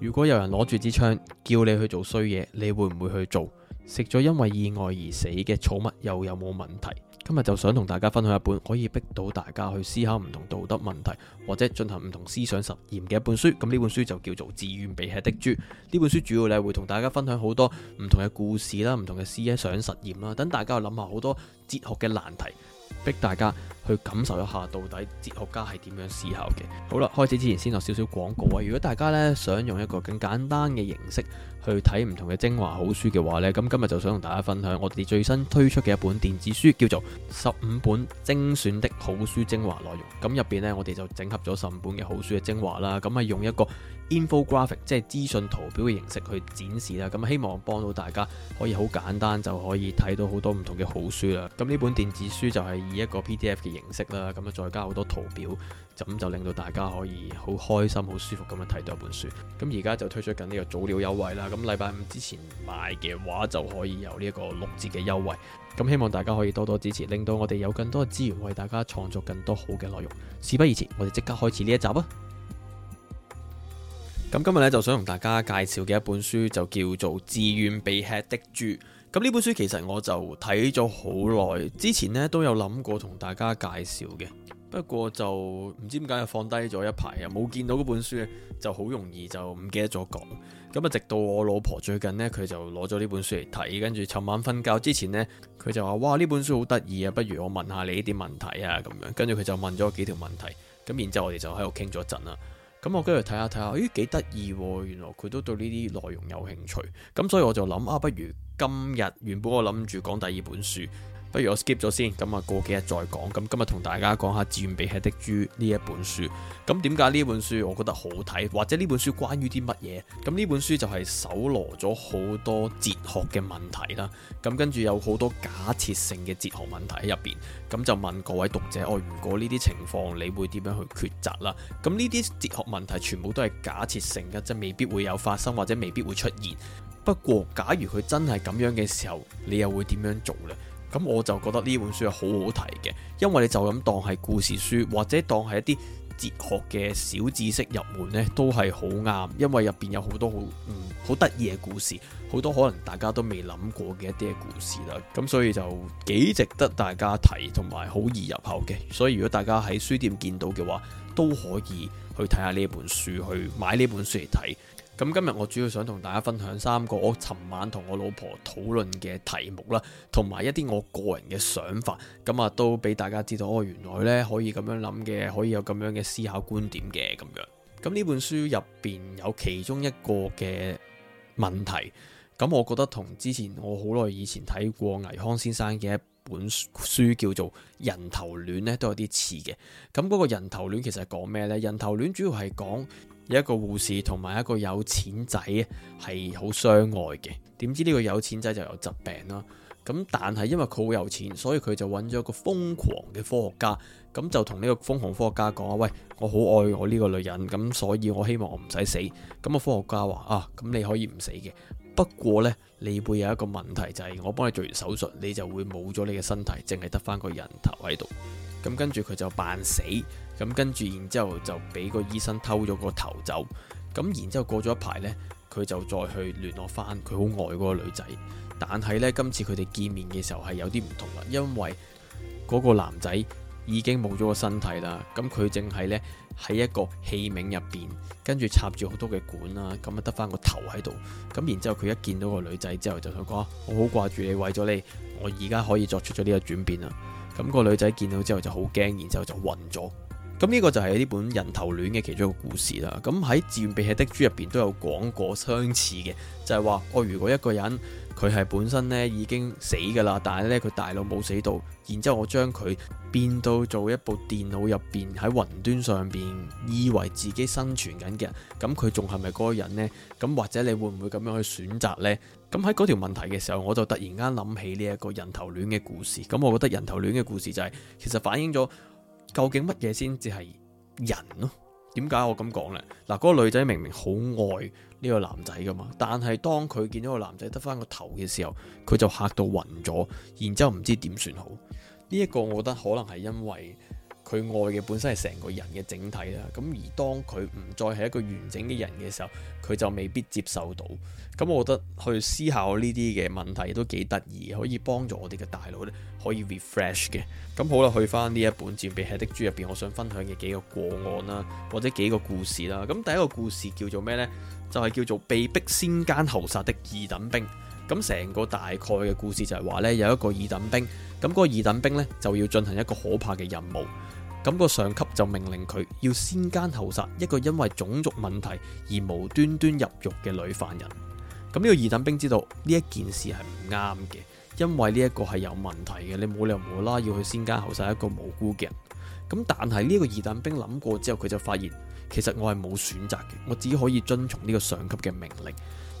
如果有人攞住支槍叫你去做衰嘢，你會唔會去做？食咗因為意外而死嘅寵物又有冇問題？今日就想同大家分享一本可以逼到大家去思考唔同道德問題或者進行唔同思想實驗嘅一本書。咁呢本書就叫做《自願被吃的豬》。呢本書主要呢會同大家分享好多唔同嘅故事啦，唔同嘅思想實驗啦，等大家去諗下好多哲學嘅難題，逼大家。去感受一下到底哲學家係點樣思考嘅。好啦，開始之前先落少少廣告啊！如果大家呢想用一個更簡單嘅形式去睇唔同嘅精華好書嘅話呢，咁今日就想同大家分享我哋最新推出嘅一本電子書，叫做《十五本精選的好書精華內容》。咁入邊呢，我哋就整合咗十五本嘅好書嘅精華啦，咁啊用一個 infographic 即係資訊圖表嘅形式去展示啦。咁希望幫到大家可以好簡單就可以睇到好多唔同嘅好書啦。咁呢本電子書就係以一個 PDF 嘅形式啦，咁啊再加好多圖表，咁就令到大家可以好開心、好舒服咁樣睇到一本書。咁而家就推出緊呢個早鳥優惠啦，咁禮拜五之前買嘅話就可以有呢一個六折嘅優惠。咁希望大家可以多多支持，令到我哋有更多嘅資源為大家創作更多好嘅內容。事不宜遲，我哋即刻開始呢一集啊！咁今日呢，就想同大家介紹嘅一本書就叫做《自願被吃的豬》。咁呢本書其實我就睇咗好耐，之前呢都有諗過同大家介紹嘅，不過就唔知點解又放低咗一排啊，冇見到嗰本書就好容易就唔記得咗講咁啊。直到我老婆最近呢，佢就攞咗呢本書嚟睇，跟住尋晚瞓覺之前呢，佢就話：哇，呢本書好得意啊，不如我問下你呢啲問題啊，咁樣。跟住佢就問咗幾條問題，咁然之後我哋就喺度傾咗一陣啦。咁我跟住睇下睇下，咦幾得意，原來佢都對呢啲內容有興趣。咁所以我就諗啊，不如。今日原本我諗住講第二本書，不如我 skip 咗先，咁啊過幾日再講。咁今日同大家講下《自願被吃的豬》呢一本書。咁點解呢本書我覺得好睇？或者呢本書關於啲乜嘢？咁呢本書就係搜羅咗好多哲學嘅問題啦。咁跟住有好多假設性嘅哲學問題喺入邊，咁就問各位讀者，我如果呢啲情況，你會點樣去抉擇啦？咁呢啲哲學問題全部都係假設性嘅，即未必會有發生，或者未必會出現。不過，假如佢真係咁樣嘅時候，你又會點樣做呢？咁我就覺得呢本書係好好睇嘅，因為你就咁當係故事書，或者當係一啲哲學嘅小知識入門呢，都係好啱。因為入邊有好多好、嗯、好得意嘅故事，好多可能大家都未諗過嘅一啲嘅故事啦。咁所以就幾值得大家睇，同埋好易入口嘅。所以如果大家喺書店見到嘅話，都可以去睇下呢本書，去買呢本書嚟睇。咁今日我主要想同大家分享三個我尋晚同我老婆討論嘅題目啦，同埋一啲我個人嘅想法，咁啊都俾大家知道，哦原來呢可以咁樣諗嘅，可以有咁樣嘅思考觀點嘅咁樣。咁呢本書入面有其中一個嘅問題，咁我覺得同之前我好耐以前睇過倪匡先生嘅一本書叫做《人頭戀》呢，都有啲似嘅。咁嗰個人頭戀其實係講咩呢？人頭戀主要係講有一個護士同埋一個有錢仔係好相愛嘅。點知呢個有錢仔就有疾病啦。咁但係因為佢好有錢，所以佢就揾咗個瘋狂嘅科學家。咁就同呢個瘋狂科學家講啊，喂，我好愛我呢個女人，咁所以我希望我唔使死。咁啊，科學家話啊，咁你可以唔死嘅。不過呢，你會有一個問題，就係、是、我幫你做完手術，你就會冇咗你嘅身體，淨係得翻個人頭喺度。咁跟住佢就扮死，咁跟住然之後就俾個醫生偷咗個頭走。咁然之後過咗一排呢，佢就再去聯絡翻佢好愛嗰個女仔。但係呢，今次佢哋見面嘅時候係有啲唔同啦，因為嗰個男仔已經冇咗個身體啦，咁佢淨係呢。喺一個器皿入邊，跟住插住好多嘅管啦，咁啊得翻個頭喺度，咁然之後佢一見到個女仔之後，就同佢講：我好掛住你，為咗你，我而家可以作出咗呢個轉變啊。咁個女仔見到之後就好驚，然之後就暈咗。咁呢個就係呢本《人頭戀》嘅其中一個故事啦。咁喺《自願被吃的豬》入邊都有講過相似嘅，就係話：我如果一個人佢係本身呢已經死㗎啦，但係呢，佢大腦冇死到，然之後我將佢變到做一部電腦入邊喺雲端上邊，以為自己生存緊嘅人，咁佢仲係咪嗰個人呢？咁或者你會唔會咁樣去選擇呢？咁喺嗰條問題嘅時候，我就突然間諗起呢一個人頭戀嘅故事。咁我覺得人頭戀嘅故事就係，其實反映咗。究竟乜嘢先至係人咯？點解我咁講呢？嗱，嗰個女仔明明好愛呢個男仔噶嘛，但係當佢見到個男仔得翻個頭嘅時候，佢就吓到暈咗，然之後唔知點算好。呢、這、一個我覺得可能係因為。佢愛嘅本身係成個人嘅整體啦，咁而當佢唔再係一個完整嘅人嘅時候，佢就未必接受到。咁我覺得去思考呢啲嘅問題都幾得意，可以幫助我哋嘅大腦咧，可以 refresh 嘅。咁好啦，去翻呢一本《自願被吃的豬》入邊，我想分享嘅幾個個案啦，或者幾個故事啦。咁第一個故事叫做咩呢？就係、是、叫做被逼先奸後殺的二等兵。咁成個大概嘅故事就係話呢，有一個二等兵，咁、那、嗰、個、二等兵呢，就要進行一個可怕嘅任務。咁個上級就命令佢要先奸後殺一個因為種族問題而無端端入獄嘅女犯人。咁呢個二等兵知道呢一件事係唔啱嘅，因為呢一個係有問題嘅，你冇理由冇啦啦要去先奸後殺一個無辜嘅人。咁但係呢個二等兵諗過之後，佢就發現其實我係冇選擇嘅，我只可以遵從呢個上級嘅命令，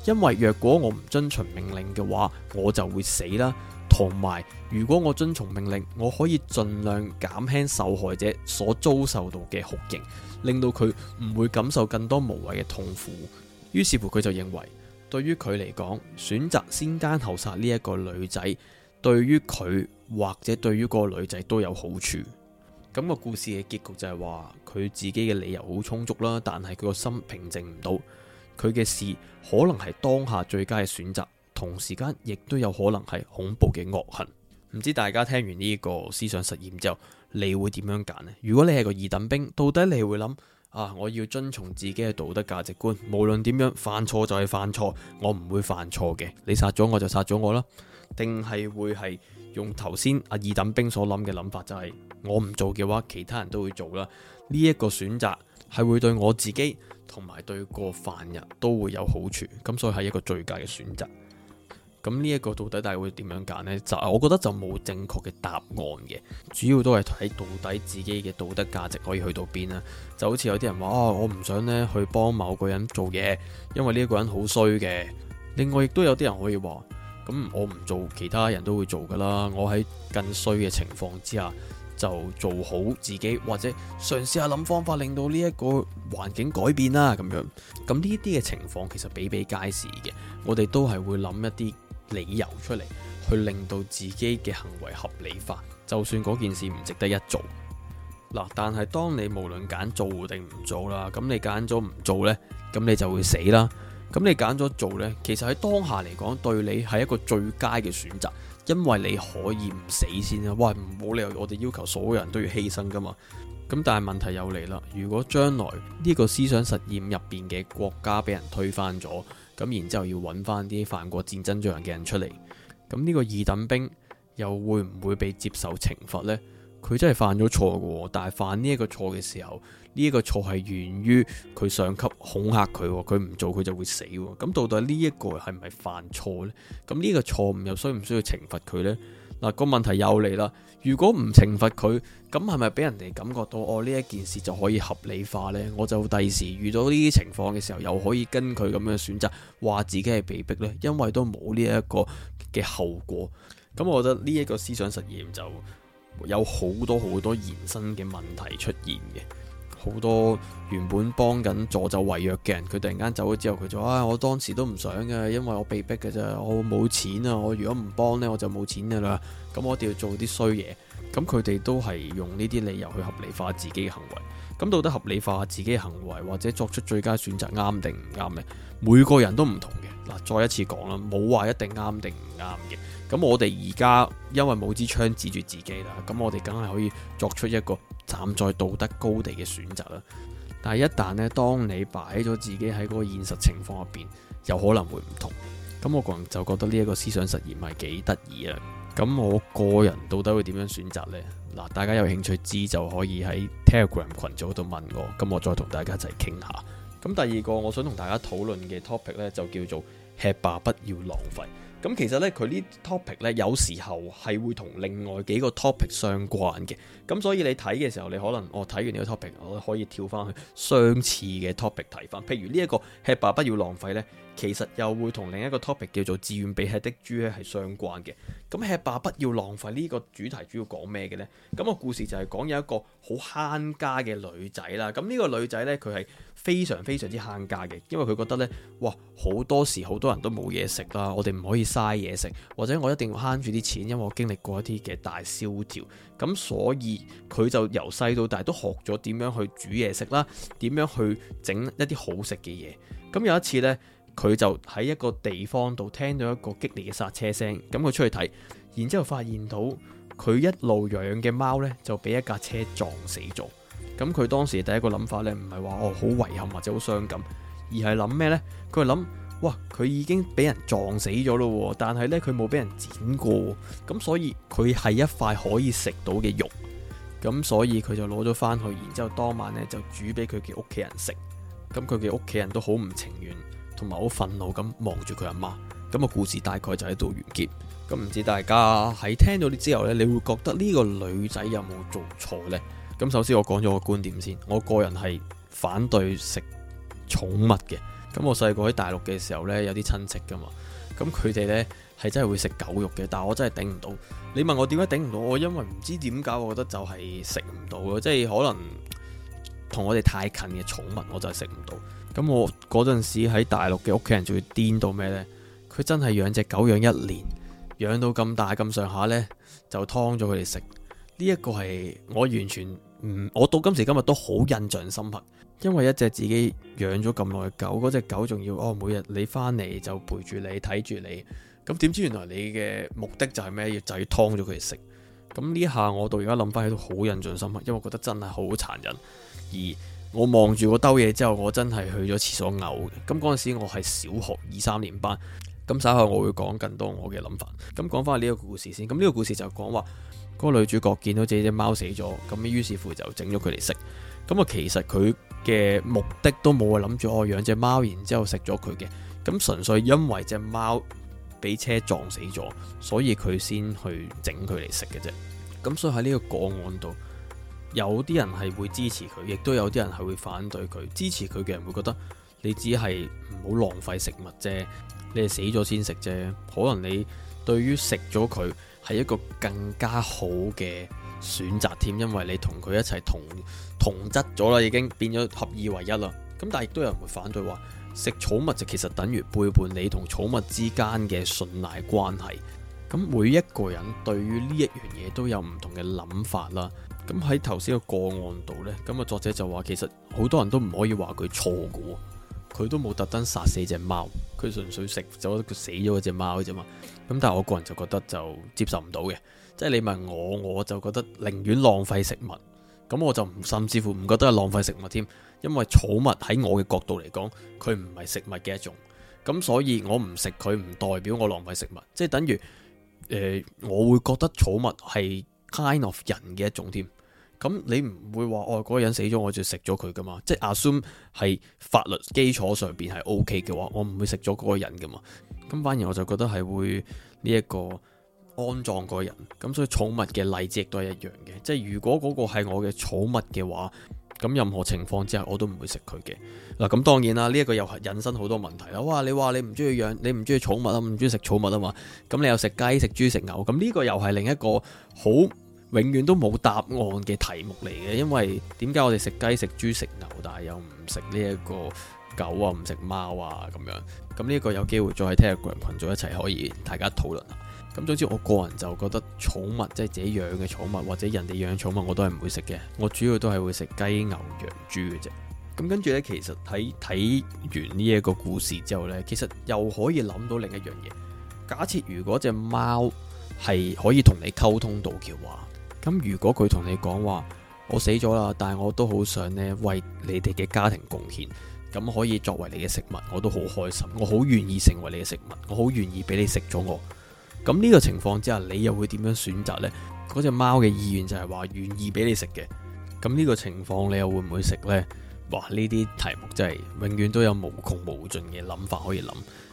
因為若果我唔遵從命令嘅話，我就會死啦。同埋，如果我遵從命令，我可以盡量減輕受害者所遭受到嘅酷刑，令到佢唔會感受更多無謂嘅痛苦。於是乎，佢就認為，對於佢嚟講，選擇先奸後殺呢一個女仔，對於佢或者對於個女仔都有好處。咁個故事嘅結局就係話，佢自己嘅理由好充足啦，但係佢個心平靜唔到，佢嘅事可能係當下最佳嘅選擇。同時間亦都有可能係恐怖嘅惡行，唔知大家聽完呢個思想實驗之後，你會點樣揀呢？如果你係個二等兵，到底你會諗啊？我要遵從自己嘅道德價值觀，無論點樣犯錯就係犯錯，我唔會犯錯嘅。你殺咗我就殺咗我啦，定係會係用頭先阿二等兵所諗嘅諗法、就係，就係我唔做嘅話，其他人都會做啦。呢、呢、一個選擇係會對我自己同埋對個犯人都會有好處，咁所以係一個最佳嘅選擇。咁呢一個到底大家會點樣揀呢？就我覺得就冇正確嘅答案嘅，主要都係睇到底自己嘅道德價值可以去到邊啦。就好似有啲人話啊、哦，我唔想呢去幫某個人做嘢，因為呢一個人好衰嘅。另外亦都有啲人可以話，咁我唔做，其他人都會做噶啦。我喺更衰嘅情況之下，就做好自己，或者嘗試下諗方法令到呢一個環境改變啦、啊。咁樣，咁呢啲嘅情況其實比比皆是嘅，我哋都係會諗一啲理由出嚟，去令到自己嘅行為合理化，就算嗰件事唔值得一做，嗱，但係當你無論揀做定唔做啦，咁你揀咗唔做咧，咁你就會死啦。咁你揀咗做咧，其實喺當下嚟講，對你係一個最佳嘅選擇，因為你可以唔死先啊。喂，冇理由我哋要求所有人都要犧牲噶嘛。咁但係問題又嚟啦，如果將來呢個思想實驗入邊嘅國家俾人推翻咗。咁然之後要揾翻啲犯過戰爭罪行嘅人出嚟，咁呢個二等兵又會唔會被接受懲罰呢？佢真係犯咗錯嘅，但係犯呢一個錯嘅時候，呢一個錯係源於佢上級恐嚇佢，佢唔做佢就會死。咁到底呢一個係唔係犯錯呢？咁呢個錯誤又需唔需要懲罰佢呢？嗱個問題又嚟啦！如果唔懲罰佢，咁係咪俾人哋感覺到哦呢一件事就可以合理化呢？我就第時遇到呢啲情況嘅時候，又可以跟佢咁樣選擇話自己係被逼呢，因為都冇呢一個嘅後果。咁我覺得呢一個思想實驗就有好多好多延伸嘅問題出現嘅。好多原本幫緊助紂為虐嘅人，佢突然間走咗之後，佢就話、哎，我當時都唔想嘅，因為我被逼嘅啫，我冇錢啊，我如果唔幫呢，我就冇錢噶啦，咁我哋要做啲衰嘢，咁佢哋都係用呢啲理由去合理化自己嘅行為，咁到底合理化自己嘅行為或者作出最佳選擇啱定唔啱呢？每個人都唔同嘅，嗱，再一次講啦，冇話一定啱定唔啱嘅。咁我哋而家因為冇支槍指住自己啦，咁我哋梗係可以作出一個站在道德高地嘅選擇啦。但係一旦呢，當你擺咗自己喺嗰個現實情況入邊，有可能會唔同。咁我個人就覺得呢一個思想實驗係幾得意啊。咁我個人到底會點樣選擇呢？嗱，大家有興趣知就可以喺 Telegram 群組度問我，咁我再同大家一齊傾下。咁第二個我想同大家討論嘅 topic 呢，就叫做吃罷不要浪費。咁其實咧，佢呢 topic 咧有時候係會同另外幾個 topic 相關嘅，咁所以你睇嘅時候，你可能我睇、哦、完呢個 topic，我可以跳翻去相似嘅 topic 睇翻，譬如呢、這、一個吃飽不要浪費咧。其實又會同另一個 topic 叫做《自願被吃的豬》咧係相關嘅。咁吃罷不要浪費呢個主題主要講咩嘅呢？咁個故事就係講有一個好慳家嘅女仔啦。咁呢個女仔呢，佢係非常非常之慳家嘅，因為佢覺得呢：「哇好多時好多人都冇嘢食啦，我哋唔可以嘥嘢食，或者我一定要慳住啲錢，因為我經歷過一啲嘅大蕭條。」咁所以佢就由細到大都學咗點樣去煮嘢食啦，點樣去整一啲好食嘅嘢。咁有一次呢。佢就喺一個地方度聽到一個激烈嘅煞車聲，咁佢出去睇，然之後發現到佢一路養嘅貓呢，就俾一架車撞死咗。咁佢當時第一個諗法呢，唔係話哦好遺憾或者好傷感，而係諗咩呢？佢係諗哇，佢已經俾人撞死咗咯，但係呢，佢冇俾人剪過，咁所以佢係一塊可以食到嘅肉。咁所以佢就攞咗翻去，然之後當晚呢，就煮俾佢嘅屋企人食。咁佢嘅屋企人都好唔情願。同埋好憤怒咁望住佢阿媽，咁啊故事大概就喺度完結。咁唔知大家喺聽到呢之後呢，你會覺得呢個女仔有冇做錯呢？咁首先我講咗個觀點先，我個人係反對食寵物嘅。咁我細個喺大陸嘅時候呢，有啲親戚噶嘛，咁佢哋呢係真係會食狗肉嘅。但係我真係頂唔到。你問我點解頂唔到？我因為唔知點解，我覺得就係食唔到咯，即係可能同我哋太近嘅寵物，我就係食唔到。咁我嗰陣時喺大陸嘅屋企人仲要癲到咩呢？佢真係養隻狗養一年，養到咁大咁上下呢，就劏咗佢哋食。呢一個係我完全唔，我到今時今日都好印象深刻，因為一隻自己養咗咁耐嘅狗，嗰隻狗仲要哦，每日你翻嚟就陪住你睇住你，咁點知原來你嘅目的就係咩？要仔劏咗佢哋食。咁呢下我到而家諗翻起都好印象深刻，因為我覺得真係好殘忍而。我望住個兜嘢之後，我真係去咗廁所嘔嘅。咁嗰陣時我係小學二三年班。咁稍後我會講更多我嘅諗法。咁講翻呢個故事先。咁呢個故事就講話嗰個女主角見到自己隻貓死咗，咁於是乎就整咗佢嚟食。咁啊，其實佢嘅目的都冇諗住我養隻貓，然之後食咗佢嘅。咁純粹因為隻貓俾車撞死咗，所以佢先去整佢嚟食嘅啫。咁所以喺呢個個案度。有啲人係會支持佢，亦都有啲人係會反對佢。支持佢嘅人會覺得，你只係唔好浪費食物啫，你係死咗先食啫。可能你對於食咗佢係一個更加好嘅選擇添，因為你同佢一齊同同質咗啦，已經變咗合二為一啦。咁但係亦都有人會反對話，食寵物就其實等於背叛你同寵物之間嘅信賴關係。咁每一個人對於呢一樣嘢都有唔同嘅諗法啦。咁喺頭先個個案度呢，咁啊作者就話，其實好多人都唔可以話佢錯噶，佢都冇特登殺死隻貓，佢純粹食咗佢死咗嗰隻貓啫嘛。咁但係我個人就覺得就接受唔到嘅，即係你問我，我就覺得寧願浪費食物。咁我就甚至乎唔覺得係浪費食物添，因為寵物喺我嘅角度嚟講，佢唔係食物嘅一種。咁所以我唔食佢，唔代表我浪費食物，即係等於誒我會覺得寵物係。kind of 人嘅一種添，咁你唔會話，哦，嗰、那個人死咗，我就食咗佢噶嘛？即係 assume 係法律基礎上邊係 OK 嘅話，我唔會食咗嗰個人噶嘛？咁反而我就覺得係會呢一、這個安葬嗰個人。咁所以寵物嘅例子亦都係一樣嘅，即係如果嗰個係我嘅寵物嘅話，咁任何情況之下我都唔會食佢嘅。嗱，咁當然啦，呢、這、一個又引申好多問題啦。哇，你話你唔中意養，你唔中意寵物啊，唔中意食寵物啊嘛？咁你又食雞、食豬、食牛，咁呢個又係另一個好，永遠都冇答案嘅題目嚟嘅。因為點解我哋食雞、食豬、食牛，但係又唔食呢一個狗啊，唔食貓啊咁樣？咁呢一個有機會再係聽下個人群組一齊可以大家討論下。咁總之我個人就覺得寵物即係自己養嘅寵物或者人哋養嘅寵物我都係唔會食嘅，我主要都係會食雞、牛、羊、豬嘅啫。咁跟住呢，其實睇睇完呢一個故事之後呢，其實又可以諗到另一樣嘢。假設如果隻貓係可以同你溝通到嘅話，咁如果佢同你講話，我死咗啦，但係我都好想呢，為你哋嘅家庭貢獻，咁可以作為你嘅食物，我都好開心，我好願意成為你嘅食物，我好願意俾你食咗我。咁呢個情況之下，你又會點樣選擇呢？嗰隻貓嘅意願就係話願意俾你食嘅，咁呢個情況你又會唔會食呢？哇，呢啲題目真係永遠都有無窮無盡嘅諗法可以諗。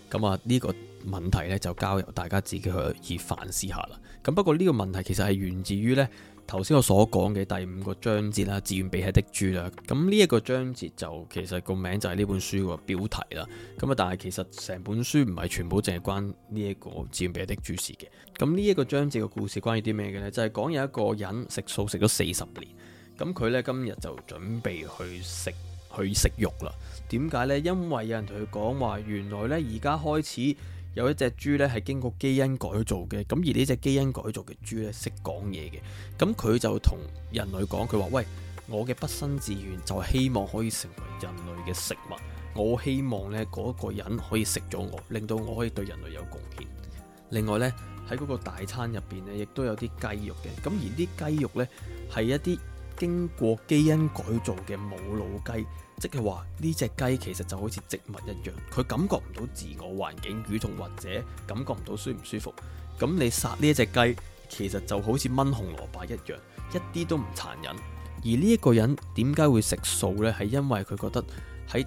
咁啊，呢個問題咧就交由大家自己去以反思下啦。咁不過呢個問題其實係源自於呢頭先我所講嘅第五個章節啦，《自願被吃的豬》啦。咁呢一個章節就其實個名就係呢本書個標題啦。咁啊，但係其實成本書唔係全部淨係關呢一個《自願被吃的豬》事嘅。咁呢一個章節嘅故事關於啲咩嘅呢？就係講有一個人食素食咗四十年，咁佢呢今日就準備去食去食肉啦。點解呢？因為有人同佢講話，原來呢而家開始有一隻豬呢係經過基因改造嘅，咁而呢隻基因改造嘅豬呢，識講嘢嘅，咁佢就同人類講佢話：喂，我嘅畢生志願就希望可以成為人類嘅食物，我希望呢嗰個人可以食咗我，令到我可以對人類有貢獻。另外呢，喺嗰個大餐入邊呢，亦都有啲雞肉嘅，咁而啲雞肉呢，係一啲。經過基因改造嘅冇腦雞，即係話呢隻雞其實就好似植物一樣，佢感覺唔到自我環境，與同或者感覺唔到舒唔舒服。咁你殺呢一隻雞，其實就好似炆紅蘿蔔一樣，一啲都唔殘忍。而呢一個人點解會食素呢？係因為佢覺得喺。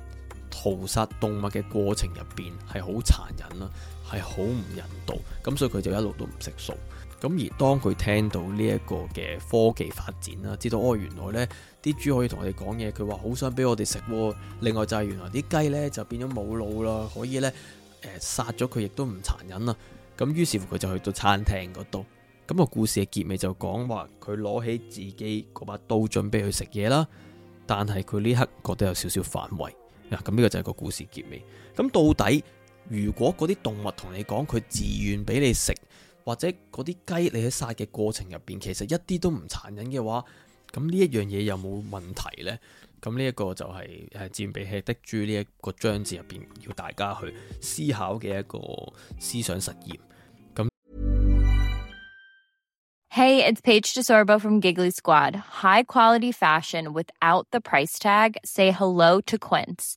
屠殺動物嘅過程入邊係好殘忍啦，係好唔人道。咁所以佢就一路都唔食素。咁而當佢聽到呢一個嘅科技發展啦，知道哦，原來呢啲豬可以同我哋講嘢，佢話好想俾我哋食。另外就係原來啲雞呢，就變咗冇腦啦，可以呢誒，殺咗佢亦都唔殘忍啦。咁於是乎佢就去到餐廳嗰度。咁個故事嘅結尾就講話佢攞起自己嗰把刀準備去食嘢啦，但係佢呢刻覺得有少少反胃。嗱，呢個就係個故事結尾。咁到底如果嗰啲動物同你講佢自願俾你食，或者嗰啲雞你喺殺嘅過程入邊，其實一啲都唔殘忍嘅話，咁呢一樣嘢有冇問題呢？咁呢一個就係誒《占彼希的豬》呢一個章節入邊要大家去思考嘅一個思想實驗。咁，Hey，it's Paige DeSorbo from Giggly Squad. High quality fashion without the price tag. Say hello to Quince.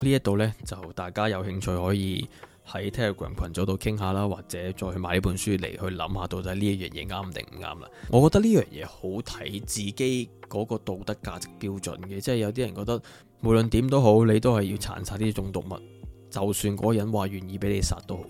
呢一度呢，就大家有興趣可以喺 Telegram 群組度傾下啦，或者再去買呢本書嚟去諗下到底呢一樣嘢啱定唔啱啦。我覺得呢樣嘢好睇自己嗰個道德價值標準嘅，即係有啲人覺得無論點都好，你都係要殘殺呢種毒物，就算嗰人話願意俾你殺都好。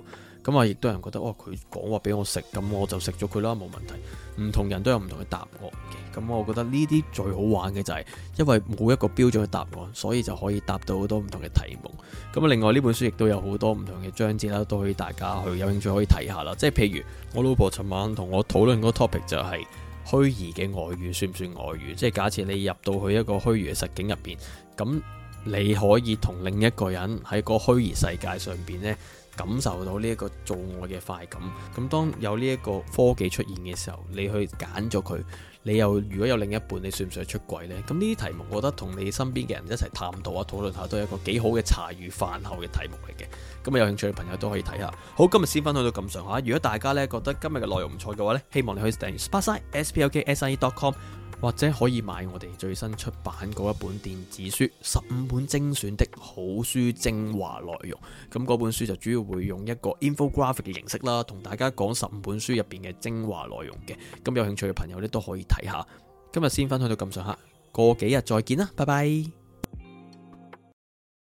咁啊，亦都有人覺得，嘩，佢講話俾我食，咁我就食咗佢啦，冇問題。唔同人都有唔同嘅答案嘅，咁我覺得呢啲最好玩嘅就係，因為冇一個標準嘅答案，所以就可以答到好多唔同嘅題目。咁另外呢本書亦都有好多唔同嘅章節啦，都可以大家去有興趣可以睇下啦。即係譬如我老婆尋晚同我討論嗰個 topic 就係虛擬嘅外遇算唔算外遇？即係假設你入到去一個虛擬嘅實境入邊，咁你可以同另一個人喺個虛擬世界上邊呢。感受到呢一個做愛嘅快感，咁當有呢一個科技出現嘅時候，你去揀咗佢。你又如果有另一半，你算唔算出軌呢？咁呢啲題目，我覺得同你身邊嘅人一齊探討下、討論下，都係一個幾好嘅茶餘飯後嘅題目嚟嘅。咁有興趣嘅朋友都可以睇下。好，今日先分享到咁上下。如果大家呢覺得今日嘅內容唔錯嘅話呢，希望你可以訂閱 Spotify spk o si dot com，或者可以買我哋最新出版嗰一本電子書《十五本精選的好書精華內容》。咁嗰本書就主要會用一個 infographic 嘅形式啦，同大家講十五本書入邊嘅精華內容嘅。咁有興趣嘅朋友呢，都可以睇。睇下，今日先分享到咁上下，過幾日再見啦，拜拜。